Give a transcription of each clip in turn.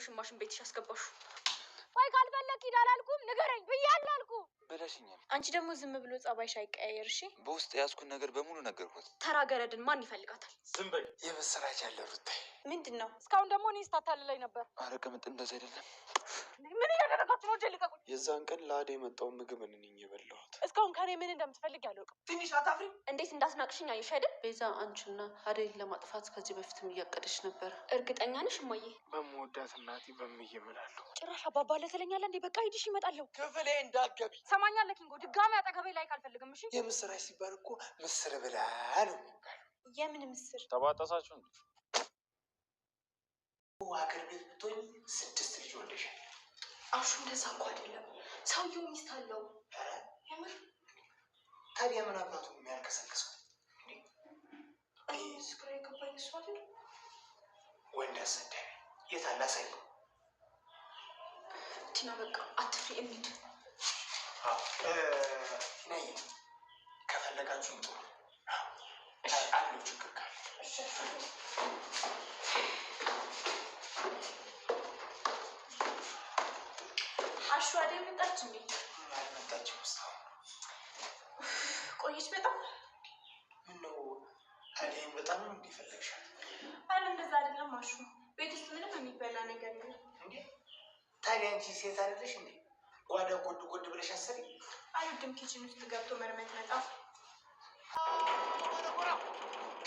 ውሽማሽን ቤትሽ አስገባሹ። ቆይ ካልፈለክ ሂድ አላልኩም? ንገረኝ ብያለሁ አልኩህ ብለሽኛል። አንቺ ደግሞ ዝም ብሎ ጸባይሽ አይቀያየር እሺ። በውስጥ የያዝኩን ነገር በሙሉ ነገርኩት። ተራ ገረድን ማን ይፈልጋታል? ዝም በይ። የመሰራች ያለ ሩታ ምንድን ነው? እስካሁን ደግሞ እኔ ስታታልለኝ ነበር። አረ ቅምጥ እንደዚህ አይደለም ምን እያደረጋችሁ ነው? እጄ ልቀቁኝ። የዛን ቀን ለአዴ የመጣውን ምግብ እኔ ነኝ የበላሁት። እስካሁን ከኔ ምን እንደምትፈልግ ያለውቅ ትንሽ አታፍሪ? እንዴት እንዳስናቅሽኝ አየሽ አይደል? ቤዛ አንቺና አዴን ለማጥፋት ከዚህ በፊትም እያቀደች ነበር። እርግጠኛ ነሽ እማዬ? በምወዳት እናቴ በምዬ እምላለሁ። ጭራሽ አባባለ ትለኛለህ እንዴ? በቃ ሂድሽ፣ ይመጣለሁ። ክፍሌ እንዳትገቢ። ሰማኛለህ ኪንጎ፣ ድጋሚ አጠገቤ ላይ ካልፈልግም። እሺ። የምስር ሲባል እኮ ምስር ብላ ነው የሚባለው። የምን ምስር? ተባጠሳችሁ እንዴ? ሀገር ቤት ብትሆኝ ስድስት ልጅ ወልደሻል። አሹ እንደዛ እኮ አይደለም፣ ሰውየው ሚስት አለው። የምር ታዲያ ምን አባቱ እኔ ስራ የገባኝ እሱ አይደል? ወንድ አሰዳቢ የታላ ሳይ ቲና፣ በቃ አትፍሪ። እንሂድ። ነይ ከፈለጋችሁ ጥሩ አሉ ችግር ካለ አይደል መጣች እንዴ? አልመጣችም። ቆየች በጣም ምነው? አደይም በጣም ነው እንዲፈለግሻል። አለ እንደዛ አይደለም አሹ፣ ቤት ውስጥ ምንም የሚበላ ነገር የለም። እንዴ ታዲያ አንቺ ሴት አይደለሽ እንዴ? ጓዳ ጎድ ጎድ ብለሽ አሰሪ። አልወድም ኪችን ውስጥ ገብቶ መርመት መጣፍ።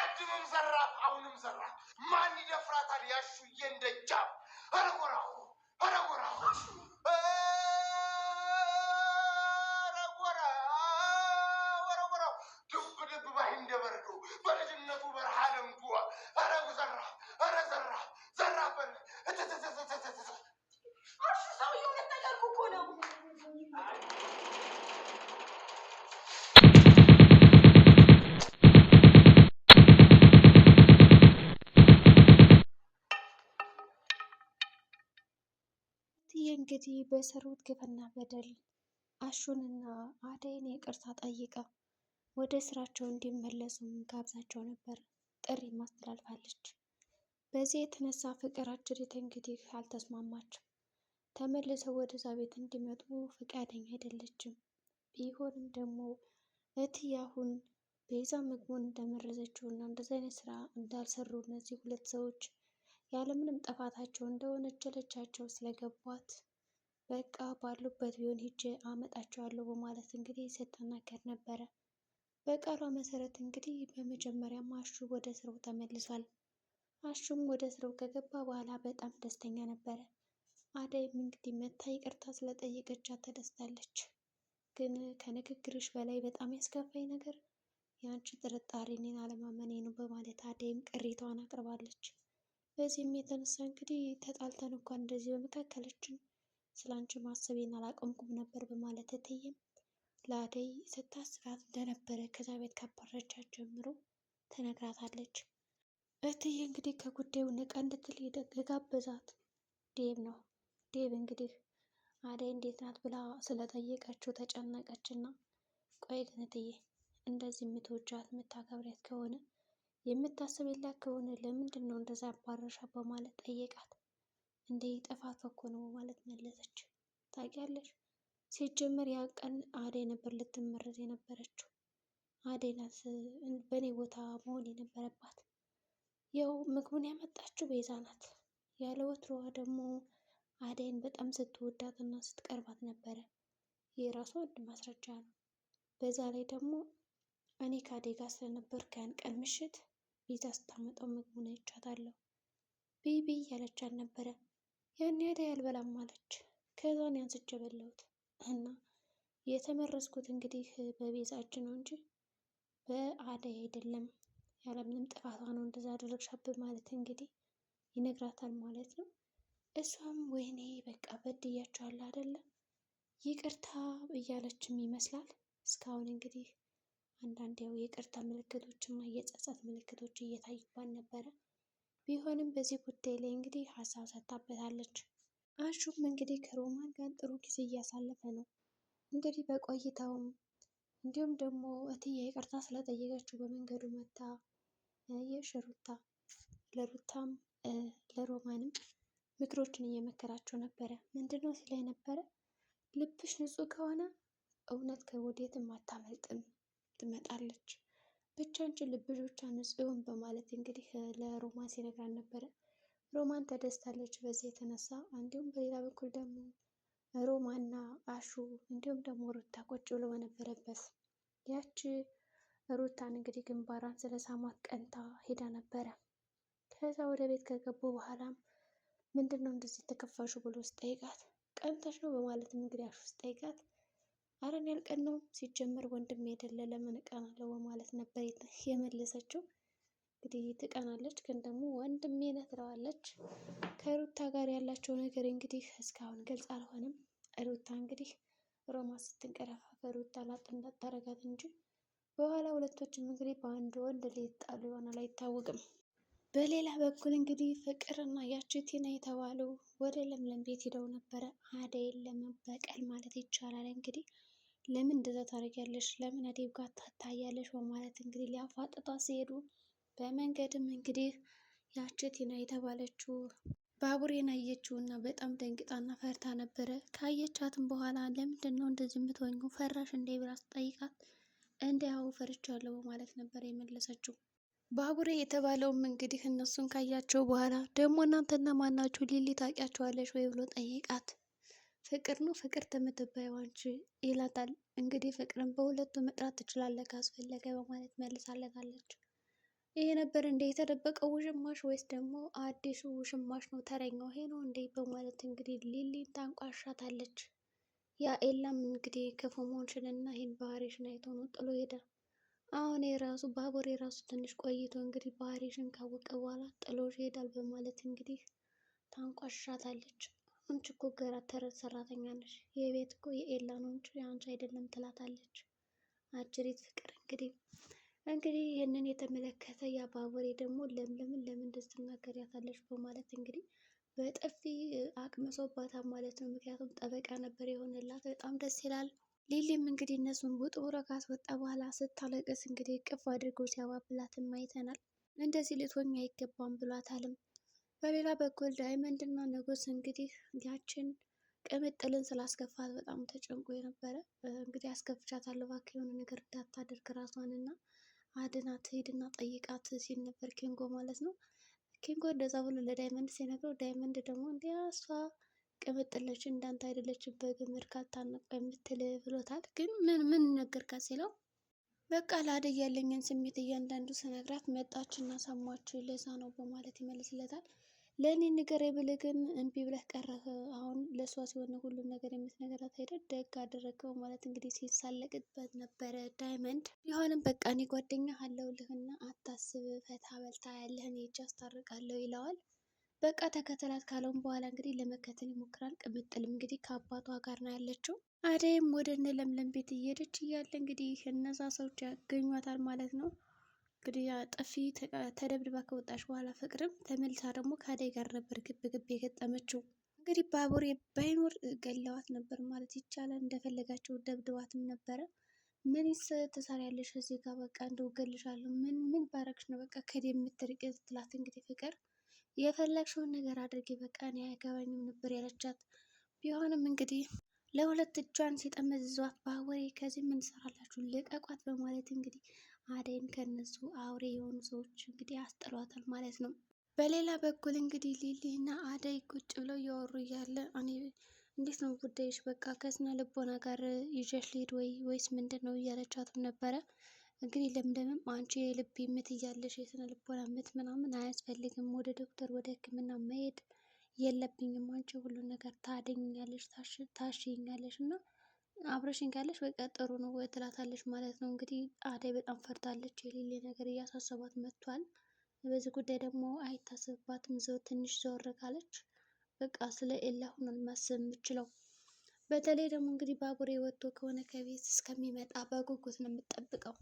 ቀድምም ዘራ አሁንም ዘራ። ማን ይደፍራታል? ያሹዬ እንደጃም እንግዲህ በሰሩት ግፍና በደል አሹንና አደይን ይቅርታ ጠይቃ ወደ ስራቸው እንዲመለሱም ጋብዛቸው ነበር ጥሪ ማስተላልፋለች። በዚህ የተነሳ ፍቅር አጅሬት እንግዲህ አልተስማማችም። ተመልሰው ወደዛ ቤት እንዲመጡ ፈቃደኛ አይደለችም። ቢሆንም ደግሞ እትዬ አሁን ቤዛ ምግቡን እንደመረዘችው እና እንደዚህ አይነት ስራ እንዳልሰሩ እነዚህ ሁለት ሰዎች ያለምንም ጥፋታቸው እንደሆነ ችለቻቸው ስለገቧት በቃ ባሉበት ቢሆን ሂጄ አመጣቸዋለሁ በማለት እንግዲህ ስትናገር ነበረ። በቃሏ መሰረት እንግዲህ በመጀመሪያም አሹ ወደ ስራው ተመልሷል። አሹም ወደ ስራው ከገባ በኋላ በጣም ደስተኛ ነበረ። አደይም እንግዲህ መታ ይቅርታ ስለጠየቀቻት ተደስታለች። ግን ከንግግርሽ በላይ በጣም ያስከፋኝ ነገር የአንቺ ጥርጣሬ እኔን አለማመኔ ነው በማለት አደይም ቅሬታዋን አቅርባለች። በዚህም የተነሳ እንግዲህ ተጣልተን እንኳን እንደዚህ በመካከላችን ስላንቺ ማሰቤን አላቆምኩም ነበር በማለት እትዬም ለአደይ ስታስራት እንደነበረ ከዛ ቤት ካባረቻት ጀምሮ ተነግራታለች። እትዬ እንግዲህ ከጉዳዩ ነቃ እንድትል የጋበዛት ዴብ ነው። ዴብ እንግዲህ አደይ እንዴት ናት ብላ ስለጠየቀችው ተጨነቀች እና ቆይ ግን እትዬ እንደዚህ የምትወጃት የምታከብሪያት ከሆነ የምታስብላት ከሆነ ለምንድን ነው እንደዛ አባረሻ በማለት ጠየቃት። እንዴ ጠፋት እኮ ነው ማለት መለሰች። ታውቂያለሽ ሲጀመር ያ ቀን አደይ ነበር ልትመረዝ የነበረችው። አደይ ናት በእኔ ቦታ መሆን የነበረባት። ያው ምግቡን ያመጣችው ቤዛ ናት። ያለ ወትሮዋ ደግሞ አደይን በጣም ስትወዳት እና ስትቀርባት ነበረ። ይህ ራሱ አንድ ማስረጃ ነው። በዛ ላይ ደግሞ እኔ ከአደይ ጋር ስለነበር ያን ቀን ምሽት ቤዛ ስታመጣው ምግቡን አይቻታለሁ ብይ ብይ እያለች ነበረ። ያን ያህል ያልበላም አለች። ከዛን ያንስቼ በላሁት እና የተመረዝኩት እንግዲህ በቤዛ እጅ ነው እንጂ በአደይ አይደለም። ያለምንም ጥፋቷ ነው እንደዛ አደረግሻብህ ማለት እንግዲህ ይነግራታል ማለት ነው። እሷም ወይኔ በቃ በድያቸዋለሁ አደለ ይቅርታ እያለችም ይመስላል። እስካሁን እንግዲህ አንዳንድ ያው የቅርታ ምልክቶችና የጸጸት ምልክቶች እየታዩባት ነበረ። ቢሆንም በዚህ ጉዳይ ላይ እንግዲህ ሀሳብ ሰጥታበታለች። አሹም እንግዲህ ከሮማን ጋር ጥሩ ጊዜ እያሳለፈ ነው። እንግዲህ በቆይታውም እንዲሁም ደግሞ እትዬ ይቅርታ ስለጠየቀችው በመንገዱ መታ የሽሩታ ለሩታም ለሮማንም ምክሮችን እየመከራቸው ነበረ። ምንድነው ሲላ ነበረ ልብሽ ንጹህ ከሆነ እውነት ከወዴትም አታመልጥም ትመጣለች። ብቻንችን ልብሽ ብቻ ንጹህ በማለት እንግዲህ ለሮማን ሲነግራን ነበረ። ሮማን ተደስታለች በዚህ የተነሳ እንዲሁም በሌላ በኩል ደግሞ ሮማና አሹ እንዲሁም ደግሞ ሩታ ቁጭ ብሎ በነበረበት ያቺ ሩታን እንግዲህ ግንባሯን ስለሳማት ቀንታ ሄዳ ነበረ። ከዛ ወደ ቤት ከገቡ በኋላም ምንድን ነው እንደዚህ ተከፋሹ ብሎ ስጠይቃት ቀንተሽ ነው በማለትም እንግዲህ አሹ ስጠይቃት አረን ያልቀን ሲጀመር ወንድሜ የደለ ለምን እቀናለሁ በማለት ነበር የመለሰችው። እንግዲህ ትቀናለች፣ ግን ደግሞ ወንድሜ ነህ ከሩታ ጋር ያላቸው ነገር እንግዲህ እስካሁን ግልጽ አልሆነም። ሩታ እንግዲህ ሮማ ስትንቀረፋ በሩታ ላጥ እንዳታረጋት እንጂ በኋላ ሁለቶችም እንግዲህ በአንድ ወንድ ሊጣሉ ይሆናል አይታወቅም። በሌላ በኩል እንግዲህ ፍቅርና ያቺ ቲና የተባሉ ወደ ለምለም ቤት ሄደው ነበረ አደይን ለመበቀል ማለት ይቻላል እንግዲህ ለምን እንደዛ ታደርጊያለሽ? ለምን አዴብ ጋር ታታያለሽ? በማለት እንግዲህ ሊያፋጥጧ ሲሄዱ በመንገድም እንግዲህ ያቺ ቲና የተባለችው ባቡሬን አየችው እና በጣም ደንግጣና ፈርታ ነበረ። ካየቻትም በኋላ ለምንድን ነው እንደዚህ የምትሆኙ ፈራሽ እንደ ብላ ስጠይቃት እንደ ያው ፈርቻለሁ በማለት ነበር የመለሰችው። ባቡሬ የተባለውም እንግዲህ እነሱን ካያቸው በኋላ ደግሞ እናንተና ማናችሁ ሊሊ ታውቂያቸዋለሽ ወይ ብሎ ጠይቃት ፍቅር ነው ፍቅር ተምትባይው አንቺ ይላታል። እንግዲህ ፍቅርን በሁለቱ መጥራት ትችላለህ ካስፈለገ በማለት መልሳለታለች። ይህ ነበር እንደ የተደበቀው ውሽማሽ ወይስ ደግሞ አዲሱ ውሽማሽ ነው ተረኛው ይሄ ነው እንዴ በማለት እንግዲህ ሊሊን ታንቋሻታለች። ያ ኤላም እንግዲህ ክፉ እና ይህን ባህሪሽን አይቶ ነው ጥሎ ሄደ። አሁን የራሱ ባቡር የራሱ ትንሽ ቆይቶ እንግዲህ ባህሪሽን ካወቀ በኋላ ጥሎሽ ይሄዳል በማለት እንግዲህ ታንቋሻታለች። አንቺ እኮ ገራ ተረት ሰራተኛ ነሽ፣ የቤት እኮ የኤላ ነው እንጂ የአንቺ አይደለም ትላታለች። አጅሪት ፍቅር እንግዲህ እንግዲህ ይህንን የተመለከተ የአባቡሬ ደግሞ ለምለምን ለምን እንደዚህ ትናገሪያታለች በማለት እንግዲህ በጥፊ አቅምሶባታል ማለት ነው። ምክንያቱም ጠበቃ ነበር የሆነላት። በጣም ደስ ይላል። ሊሊም እንግዲህ እነሱን ውጥ ብሎ ካስወጣ በኋላ ስታለቅስ እንግዲህ ቅፍ አድርጎ ሲያባብላትም አይተናል። እንደዚህ ልትሆኝ አይገባም ብሏታልም። በሌላ በኩል ዳይመንድና ንጉስ እንግዲህ ያችን ቅምጥልን ስላስከፋት በጣም ተጨንቆ የነበረ እንግዲህ አስከፍቻታለሁ እባክህ የሆነ ነገር እንዳታደርግ ራሷን እና አድናት ሂድና ጠይቃት ሲል ነበር ኬንጎ ማለት ነው። ኬንጎ እንደዛ ብሎ ለዳይመንድ ሲነግረው ዳይመንድ ደግሞ እንዲያ እሷ ቅምጥል እንዳንተ አይደለችም በግምር ካልታነቁ የምትል ብሎታል። ግን ምን ምን ነገር ሲለው በቃ ላደ ያለኝን ስሜት እያንዳንዱ ስነግራት መጣች እና ሰማችሁ ለዛ ነው በማለት ይመልስለታል። ለእኔ ንገር የብል ግን እምቢ ብለህ ቀረህ። አሁን ለእሷ ሲሆን ሁሉም ነገር የምትነገራት አይደል? ደግ አደረገው ማለት እንግዲህ ሲሳለቅበት ነበረ ዳይመንድ። ቢሆንም በቃ እኔ ጓደኛ አለውልህና አታስብ፣ ፈታ በልታ ያለህ እኔ እጅ አስታርቃለሁ ይለዋል። በቃ ተከተላት ካለውም በኋላ እንግዲህ ለመከተል ይሞክራል። ቅምጥልም እንግዲህ ከአባቷ ጋር ነው ያለችው። አደይም ወደ እነ ለምለም ቤት እየሄደች እያለ እንግዲህ እነዛ ሰዎች ያገኟታል ማለት ነው። እንግዲህ ጠፊ ተደብድባ ከወጣች በኋላ ፍቅርም ተመልሳ ደግሞ ከአደይ ጋር ነበር ግብ ግብ የገጠመችው። እንግዲህ ባቡሬ ባይኖር ገለዋት ነበር ማለት ይቻላል። እንደፈለጋቸው ደብድባትም ነበረ። ምን ትሰሪያለሽ እዚህ ጋር በቃ እንደው ገልሻለሁ። ምን ምን ባረግሽ ነው በቃ ከእኔ የምትርቅ ትላት እንግዲህ ፍቅር የፈለግሽውን ነገር አድርጊ በቃ እኔ አያገባኝም ነበር ያለቻት። ቢሆንም እንግዲህ ለሁለት እጇን ሲጠመዝዟት ባቡሬ ከዚህ ምን ትሰራላችሁ ልቀቋት በማለት እንግዲህ አደይም ከነሱ አውሬ የሆኑ ሰዎች እንግዲህ አስጥሏታል ማለት ነው። በሌላ በኩል እንግዲህ ሊሊ እና አደይ ቁጭ ብለው እያወሩ እያለ እኔ እንዴት ነው ጉዳዮች በቃ ከስነ ልቦና ጋር ይዤሽ ልሂድ ወይ ወይስ ምንድን ነው እያለቻትም ነበረ። እንግዲህ ለምለምም አንቺ የልብ ምት እያለሽ የስነ ልቦና ምት ምናምን አያስፈልግም፣ ወደ ዶክተር ወደ ሕክምና መሄድ የለብኝም አንቺ ሁሉን ነገር ታደኝኛለሽ ታሽኛለሽ እና አብረሽኝ ካለሽ በቃ ጥሩ ነው ትላታለች ማለት ነው። እንግዲህ አደይ በጣም ፈርታለች። የሌሌ ነገር እያሳሰባት መጥቷል። በዚህ ጉዳይ ደግሞ አይታሰብባትም። ዘው ትንሽ ዘወር ካለች በቃ ስለ ኤላ ሁኖ ማሰብ የምችለው በተለይ ደግሞ እንግዲህ ባቡሬ ወጥቶ ከሆነ ከቤት እስከሚመጣ በጉጉት ነው የምጠብቀው።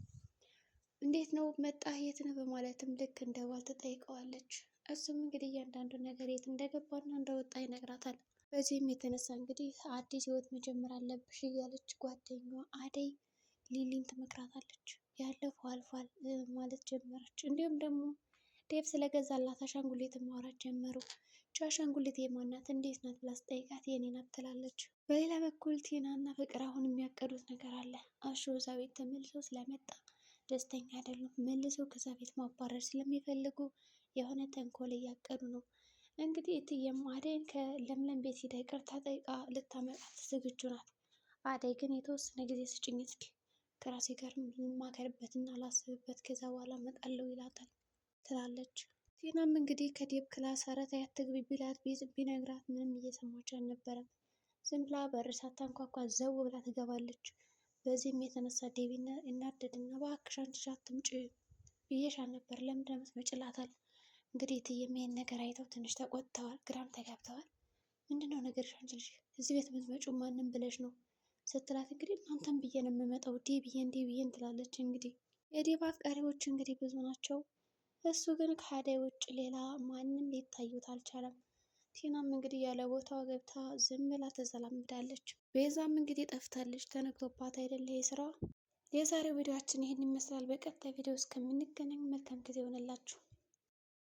እንዴት ነው መጣ የት ነው በማለትም ልክ እንደ ባል ትጠይቀዋለች። እሱም እንግዲህ እያንዳንዱ ነገር የት እንደገባና እንደወጣ ይነግራታል። በዚህም የተነሳ እንግዲህ አዲስ ህይወት መጀመር አለብሽ እያለች ጓደኛዋ አደይ ሊሊን ትመክራታለች። ያለፈው አልፏል ማለት ጀመረች። እንዲሁም ደግሞ ዴቭ ስለገዛላት አሻንጉሊት ማውራት ጀመሩ። ቻ አሻንጉሊት የማናት እንዴት ናት ብላ ስጠይቃት የኔ ናት ትላለች። በሌላ በኩል ቲና እና ፍቅር አሁን የሚያቀዱት ነገር አለ። አሹ እዛ ቤት ተመልሶ ስለመጣ ደስተኛ አይደሉም። መልሰው ከዛ ቤት ማባረር ስለሚፈልጉ የሆነ ተንኮል እያቀዱ ነው። እንግዲህ እትዬም አደይን ከለምለም ቤት ሂዳ ይቅርታ ጠይቃ ልታመጣት ዝግጁ ናት። አደይ ግን የተወሰነ ጊዜ ስጭኝ እስኪ ከራሴ ጋር ልማከርበት እና ላስብበት፣ ከዛ በኋላ እመጣለሁ ይላታል ትላለች። ቲናም እንግዲህ ከዴብ ክላስ አረት አትግቢ ቢላት ቢነግራት ምንም እየሰማች አልነበረም። ዝም ብላ በር ሳታንኳኳ ዘው ብላ ትገባለች። በዚህም የተነሳ ዴብ ይናደድና በአክሽ አንቺ አትምጪ ብዬሽ አልነበር ለምንድን ነው የምትመጪ? ይላታል እንግዲህ እትዬም ይሄን ነገር አይተው ትንሽ ተቆጥተዋል፣ ግራም ተጋብተዋል። ምንድነው ነገር አንቺ ልጅ እዚህ ቤት ምትመጩ ማንም ብለሽ ነው ስትላት፣ እንግዲህ አንተም ብዬ ነው የምመጣው ዴ ብዬ እንዴ ብዬ እንትላለች። እንግዲህ የዴብ አፍቃሪዎች እንግዲህ ብዙ ናቸው። እሱ ግን ከአደይ ውጭ ሌላ ማንም ሊታዩት አልቻለም። ቲናም እንግዲህ ያለ ቦታዋ ገብታ ዝም ብላ ተዘላምዳለች። ቤዛም እንግዲህ ጠፍታለች፣ ተነግቶባት አይደለ የስራዋ። የዛሬው ቪዲዮችን ይህን ይመስላል። በቀጣይ ቪዲዮ እስከምንገናኝ መልካም ጊዜ ይሆንላችሁ።